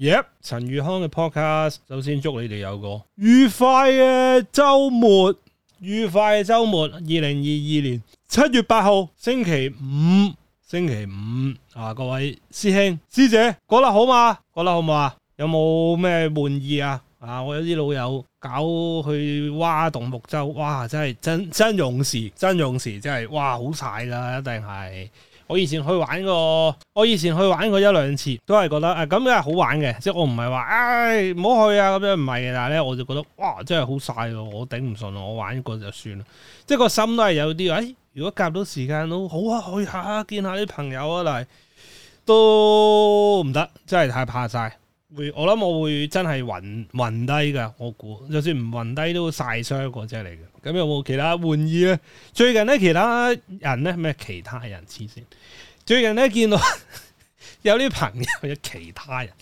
耶！陳宇、yep，康嘅 podcast，首先祝你哋有個愉快嘅周末，愉快嘅周末。二零二二年七月八號星期五，星期五啊，各位師兄師姐過得好嘛？過得好唔好啊？有冇咩滿意啊？啊，我有啲老友搞去挖洞木舟，哇！真係真真勇士，真勇士真係，哇！好晒啦，一定係。我以前去玩過，我以前去玩過一兩次，都係覺得誒咁樣係好玩嘅，即係我唔係話唉，唔好去啊咁樣，唔係嘅，但係咧我就覺得哇真係好曬咯，我頂唔順啊，我玩過就算啦，即係個心都係有啲，誒如果夾到時間都好啊，去下見下啲朋友啊，但係，都唔得，真係太怕曬。會我諗我會真係暈暈低㗎，我估就算唔暈低都曬傷嗰啫嚟嘅。咁有冇其他玩意咧？最近咧其他人咧咩？其他人黐線。最近咧見到有啲朋友有其他人，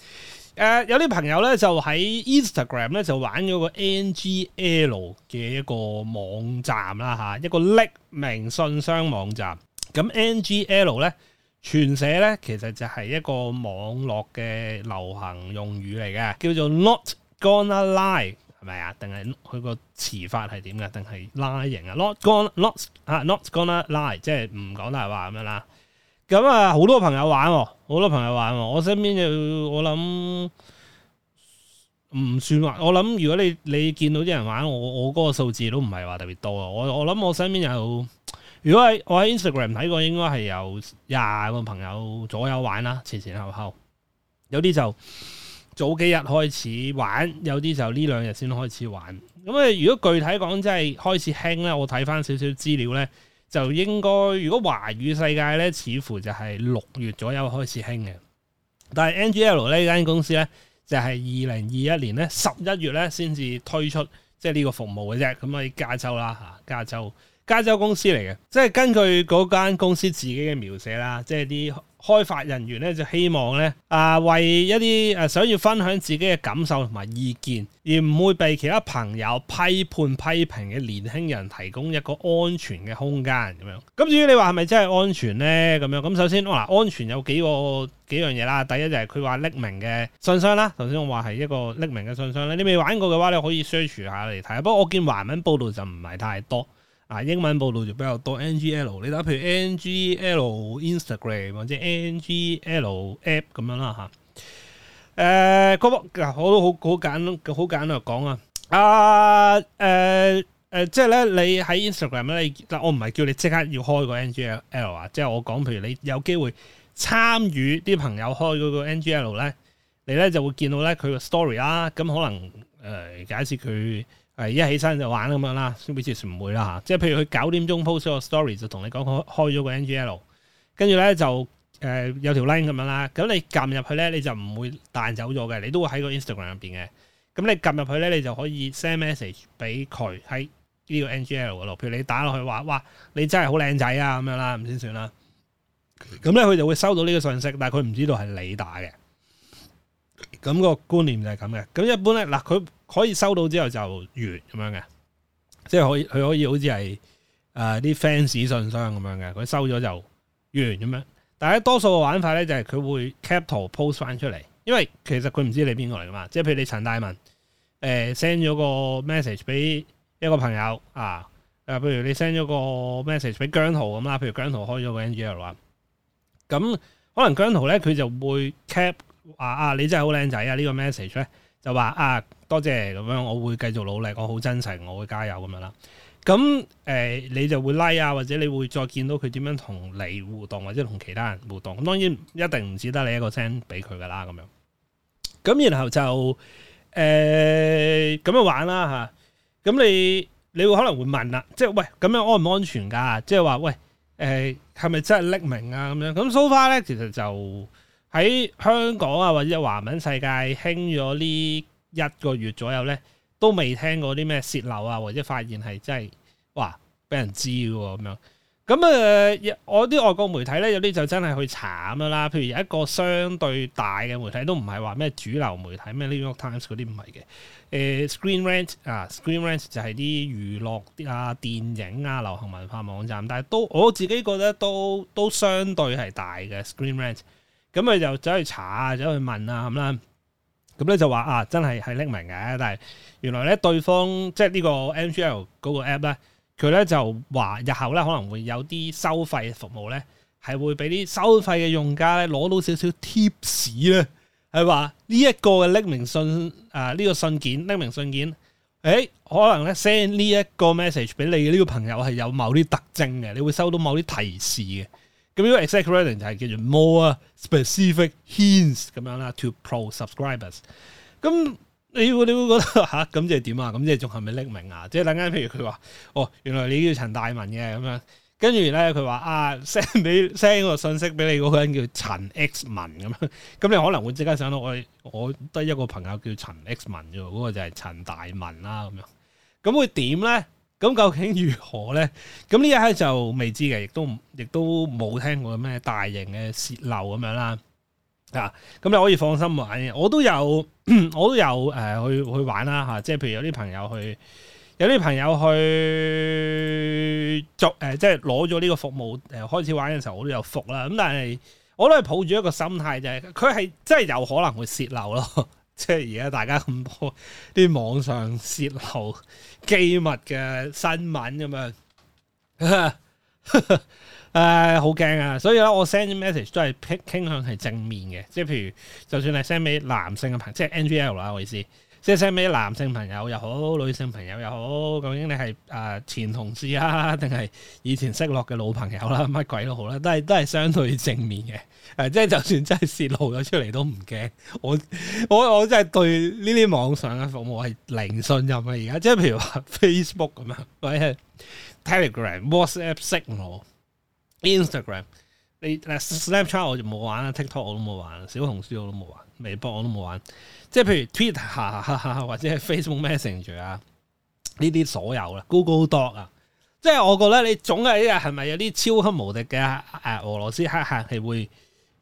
誒 有啲朋友咧、 呃、就喺 Instagram 咧就玩咗個 NGL 嘅一個網站啦嚇，一個匿名信箱網站。咁 NGL 咧？全寫咧，其實就係一個網絡嘅流行用語嚟嘅，叫做 not gonna lie，係咪啊？定係佢個詞法係點嘅？定係拉型啊？not gonna not 啊、uh，not gonna lie，即係唔講大話咁樣啦。咁啊，好多朋友玩，哦，好多朋友玩，哦。我身邊就我諗唔算話，我諗如果你你見到啲人玩，我我嗰個數字都唔係話特別多啊。我我諗我身邊有。如果係我喺 Instagram 睇過，應該係由廿個朋友左右玩啦，前前後後有啲就早幾日開始玩，有啲就呢兩日先開始玩。咁啊，如果具體講即係開始興咧，我睇翻少少資料咧，就應該如果華語世界咧，似乎就係六月左右開始興嘅。但係 NGL 呢間公司咧，就係二零二一年咧十一月咧先至推出即係呢個服務嘅啫。咁喺加州啦嚇，加州。加州公司嚟嘅，即係根據嗰間公司自己嘅描寫啦，即係啲開發人員咧就希望咧啊、呃，為一啲誒、呃、想要分享自己嘅感受同埋意見，而唔會被其他朋友批判批評嘅年輕人提供一個安全嘅空間咁樣。咁至於你話係咪真係安全咧咁樣？咁首先，嗱、哦，安全有幾個幾樣嘢啦。第一就係佢話匿名嘅信箱啦，頭先我話係一個匿名嘅信箱咧。你未玩過嘅話，你可以 search 下嚟睇。不過我見華文報道就唔係太多。啊，英文報道就比較多，NGL，你打譬如 NGL Instagram 或者 NGL app 咁樣啦吓。誒、啊，嗱我都好好簡單，好簡略講啊。啊，誒、啊、誒、啊，即係咧，你喺 Instagram 咧，但我唔係叫你即刻要開個 NGL 啊。即係我講，譬如你有機會參與啲朋友開嗰個 NGL 咧，你咧就會見到咧佢個 story 啦。咁可能誒、呃、假設佢。誒一起身就玩咁樣啦，先唔會啦吓，即係譬如佢九點鐘 post 個 story 就同你講開開咗個 NGL，跟住咧就誒有條 link 咁樣啦。咁你撳入去咧，你就唔會彈走咗嘅，你都會喺個 Instagram 入邊嘅。咁你撳入去咧，你就可以 send message 俾佢喺呢個 NGL 度。譬如你打落去話，哇，你真係好靚仔啊咁樣啦，咁先算啦。咁咧佢就會收到呢個信息，但係佢唔知道係你打嘅。咁個觀念就係咁嘅。咁一般咧，嗱佢。可以收到之後就完咁樣嘅，即係可以佢可以好似係誒啲 fans 信箱咁樣嘅，佢收咗就完咁樣。但係多數嘅玩法咧，就係、是、佢會 cap 圖 post 翻出嚟，因為其實佢唔知你邊個嚟噶嘛。即係譬如你陳大文誒 send 咗個 message 俾一個朋友啊，誒譬如你 send 咗個 message 俾姜濤咁啦，譬如姜濤開咗個 NGL 啊，咁可能姜濤咧佢就會 cap 話啊，啊你真係好靚仔啊呢個 message 咧就話啊。這個多謝咁樣，我會繼續努力，我好真誠，我會加油咁樣啦。咁誒、呃，你就會拉 i 啊，或者你會再見到佢點樣同你互動，或者同其他人互動。咁當然一定唔止得你一個 send 俾佢噶啦，咁樣。咁然後就誒咁、呃、樣玩啦嚇。咁、啊、你你會可能會問啦，即係喂咁樣安唔安全噶？即係話喂誒，係、呃、咪真係匿名啊咁樣？咁蘇花咧，其實就喺香港啊，或者華文世界興咗呢。一個月左右咧，都未聽過啲咩洩漏啊，或者發現係真係哇俾人知嘅咁樣。咁啊、呃，我啲外國媒體咧有啲就真係去查咁樣啦。譬如有一個相對大嘅媒體，都唔係話咩主流媒體，咩 New York Times 嗰啲唔係嘅。誒、呃、Screen Rant 啊，Screen Rant 就係啲娛樂啊、電影啊、流行文化網站，但係都我自己覺得都都相對係大嘅 Screen Rant。咁佢就走去查啊，走去問啊，咁啦。咁咧、嗯、就話啊，真係係匿名嘅，但係原來咧對方即係呢個 NGL 嗰個 app 咧，佢咧就話日後咧可能會有啲收費服務咧，係會俾啲收費嘅用家咧攞到少少貼士咧，係話呢一個嘅匿名信啊，呢、呢個信件匿名信件，誒、欸、可能咧 send 呢一個 message 俾你嘅呢、呢個朋友係有某啲特徵嘅，你會收到某啲提示嘅。咁呢個 exactly 就係叫做 more specific hints 咁樣啦，to pro subscribers。咁你會你會覺得嚇？咁即係點啊？咁即係仲係咪匿名啊？即係等陣，譬如佢話：哦，原來你叫陳大文嘅咁樣。跟住咧，佢話：啊，send 你 send 個信息俾你嗰個人叫陳 X 文咁樣。咁你可能會即刻想到我我得一個朋友叫陳 X 文啫喎，嗰個就係陳大文啦咁樣。咁會點咧？咁究竟如何咧？咁呢一刻就未知嘅，亦都亦都冇聽過咩大型嘅洩漏咁樣啦。啊，咁你可以放心玩。我都有，我都有誒、呃、去、呃、去玩啦吓、啊。即係譬如有啲朋友去，有啲朋友去做誒、呃，即係攞咗呢個服務誒、呃，開始玩嘅時候我都有服啦。咁、啊、但係我都係抱住一個心態就係、是，佢係真係有可能會洩漏咯。即係而家大家咁多啲網上泄露機密嘅新聞咁樣，誒好驚啊！所以咧，我 send 啲 message 都係傾向係正面嘅，即係譬如就算係 send 俾男性嘅朋友，即係 NGL 啦，我意思。即係 send 俾男性朋友又好，女性朋友又好，究竟你係誒前同事啊，定係以前識落嘅老朋友啦啊，乜鬼都好啦，都係都係相對正面嘅。誒，即係就算真係泄露咗出嚟都唔驚。我我我真係對呢啲網上嘅服務係零信任啊而家。即係譬如話 Facebook 咁啊，或者 Telegram、WhatsApp Signal、Instagram。你誒 Snapchat 我就冇玩啦，TikTok 我都冇玩，小紅書我都冇玩，微博我都冇玩，即係譬如 Twitter 啊，或者係 Facebook Messenger 啊，呢啲所有啦，Google Doc 啊，即係我覺得你總係一係咪有啲超級無敵嘅誒俄羅斯黑客係會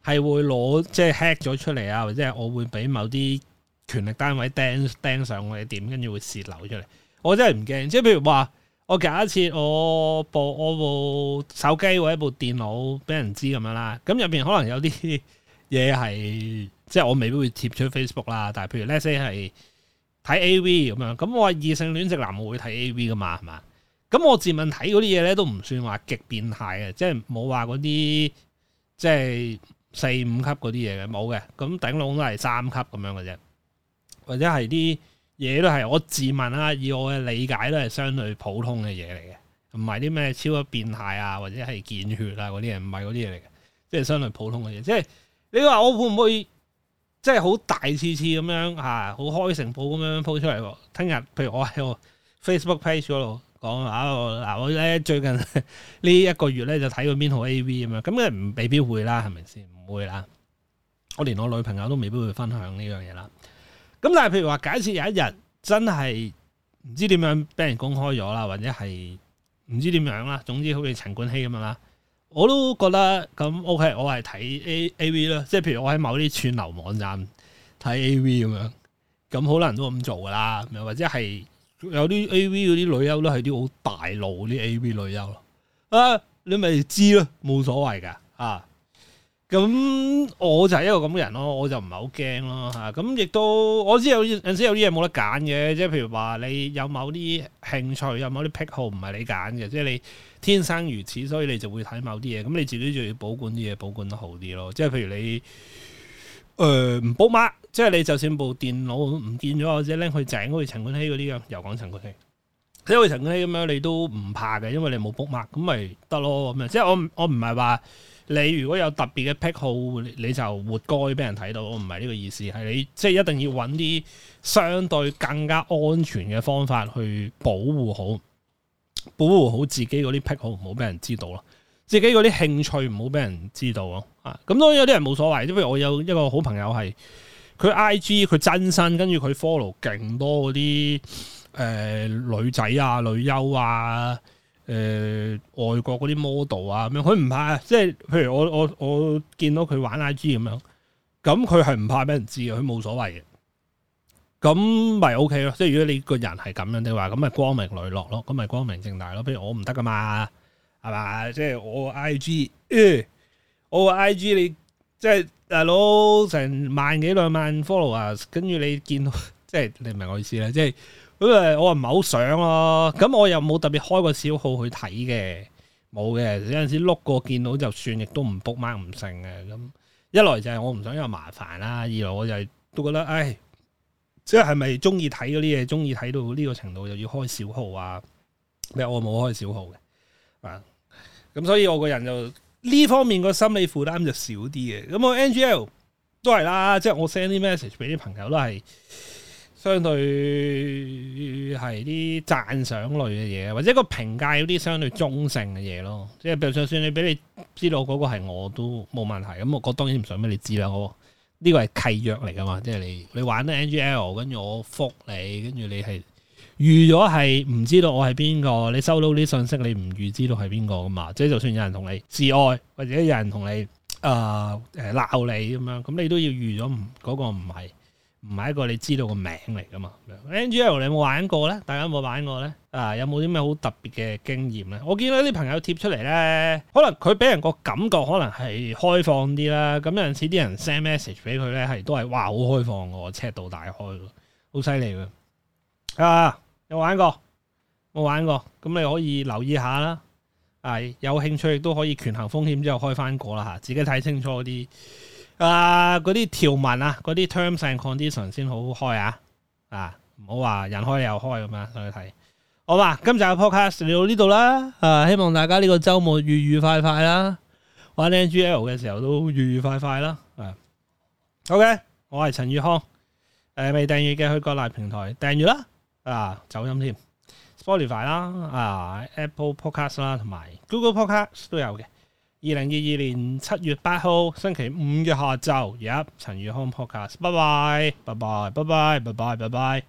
係會攞即係、就是、hack 咗出嚟啊，或者係我會俾某啲權力單位釘釘上我啲點，跟住會洩漏出嚟，我真係唔驚。即係譬如話，我假設我部我部手機或者部電腦俾人知咁樣啦，咁入邊可能有啲嘢係即係我未必會貼出 Facebook 啦，但係譬如 let say 係睇 A.V. 咁樣，咁我話異性戀直男會睇 A.V. 噶嘛，係嘛？咁我自問睇嗰啲嘢咧都唔算話極變態嘅，即係冇話嗰啲即係四五級嗰啲嘢嘅冇嘅，咁頂籠都係三級咁樣嘅啫，或者係啲。嘢都係，我自問啦，啊，以我嘅理解都係相對普通嘅嘢嚟嘅，唔係啲咩超級變態啊，或者係見血啊嗰啲嘢，唔係嗰啲嘢嚟嘅，即係相對普通嘅嘢。即係你話我會唔會即係好大次次咁樣吓，好，啊、開城堡咁樣鋪出嚟？聽日譬如我喺我 Facebook page 嗰度講啊，嗱我咧最近呢 一,一個月咧就睇過邊套 AV 咁樣，咁唔未必會啦，係咪先？唔會啦，我連我女朋友都未必會分享呢樣嘢啦。咁但係譬如話假設有一日真係唔知點樣俾人公開咗啦，或者係唔知點樣啦，總之好似陳冠希咁樣啦，我都覺得咁 OK，我係睇 A A V 咯，即係譬如我喺某啲串流網站睇 A V 咁樣，咁好多人都咁做噶啦，又或者係有啲 A V 嗰啲女優都係啲好大路啲 A V 女優咯，啊你咪知咯，冇所謂噶啊。咁我就係一個咁嘅人咯，我就唔係好驚咯吓，咁亦、啊啊啊、都我知有陣時有啲嘢冇得揀嘅，即係譬如話你有某啲興趣，有某啲癖好，唔係你揀嘅，即係你天生如此，所以你就會睇某啲嘢，咁、嗯、你自己就要保管啲嘢，保管得好啲咯。即係譬如你誒、呃、保馬，即係你就算部電腦唔見咗，或者拎去整，好似陳冠希嗰啲咁，又講陳冠希。你好似騰飛咁樣，你都唔怕嘅，因為你冇 book 碼，咁咪得咯咁啊！即係我我唔係話你如果有特別嘅癖好，你就活該俾人睇到，我唔係呢個意思，係你即係一定要揾啲相對更加安全嘅方法去保護好保護好自己嗰啲癖好，唔好俾人知道咯，自己嗰啲興趣唔好俾人知道咯啊！咁當然有啲人冇所謂，因為我有一個好朋友係佢 IG 佢真身，跟住佢 follow 勁多嗰啲。誒、呃，女仔啊，女優啊，誒，外國嗰啲 model 啊，咁樣佢唔怕啊。即係譬如我我我見到佢玩 I G 咁樣，咁佢係唔怕俾人知佢冇所謂嘅，咁咪 O K 咯。即係如果你個人係咁樣，你話咁咪光明磊落咯，咁咪光明正大咯。譬如我唔得噶嘛，係嘛？即係我 I G、呃、我 I G 你即係大佬成萬幾兩萬 followers，跟住你見到，即係你明我意思咧，即係。咁誒，我唔係好想咯，啊，咁我又冇特別開個小號去睇嘅，冇嘅。有陣時碌過見到就算，亦都唔 book 埋唔成嘅。咁一來就係我唔想有麻煩啦，二來我就係都覺得，唉，即係係咪中意睇嗰啲嘢，中意睇到呢個程度又要開小號啊？咩我冇開小號嘅啊，咁所以我個人就呢方面個心理負擔就少啲嘅。咁我 NGL 都係啦，即係我 send 啲 message 俾啲朋友都係相對。係啲讚賞類嘅嘢，或者個評價有啲相對中性嘅嘢咯。即係，就算你俾你知道嗰個係我都冇問題。咁我當然唔想俾你知啦。我呢、呢個係契約嚟噶嘛，即係你你玩得 NGL，跟住我覆你，跟住你係預咗係唔知道我係邊個。你收到啲信息，你唔預知道係邊個噶嘛？即係就算有人同你示愛，或者有人同你誒誒鬧你咁樣，咁你都要預咗唔嗰個唔係。唔係一個你知道個名嚟噶嘛？NGL 你有冇玩過呢？大家有冇玩過呢？啊，有冇啲咩好特別嘅經驗呢？我見到啲朋友貼出嚟呢，可能佢俾人個感覺可能係開放啲啦。咁有陣時啲人 send message 俾佢呢，係都係哇，好開放噶，尺度大開，好犀利噶。啊，有玩過？冇玩過？咁你可以留意下啦。啊，有興趣亦都可以權衡風險之後開翻個啦吓，自己睇清楚啲。啊！嗰啲條文啊，嗰啲 terms and conditions 先好開啊！啊，唔好話人開又開咁樣上去睇，好嘛？今集嘅 podcast 嚟到呢度啦！啊，希望大家呢個周末愉愉快快快啦，玩 NGL 嘅時候都愉愉快快啦！啊，OK，我係陳宇康，誒、啊、未訂閱嘅去各大平台訂閱啦！啊，走音添 Spotify 啦，啊 Apple Podcast 啦，同埋 Google Podcast 都有嘅。二零二二年七月八號星期五嘅下晝，一、yep, 陳宇康 podcast，拜拜，拜拜，拜拜，拜拜，拜拜。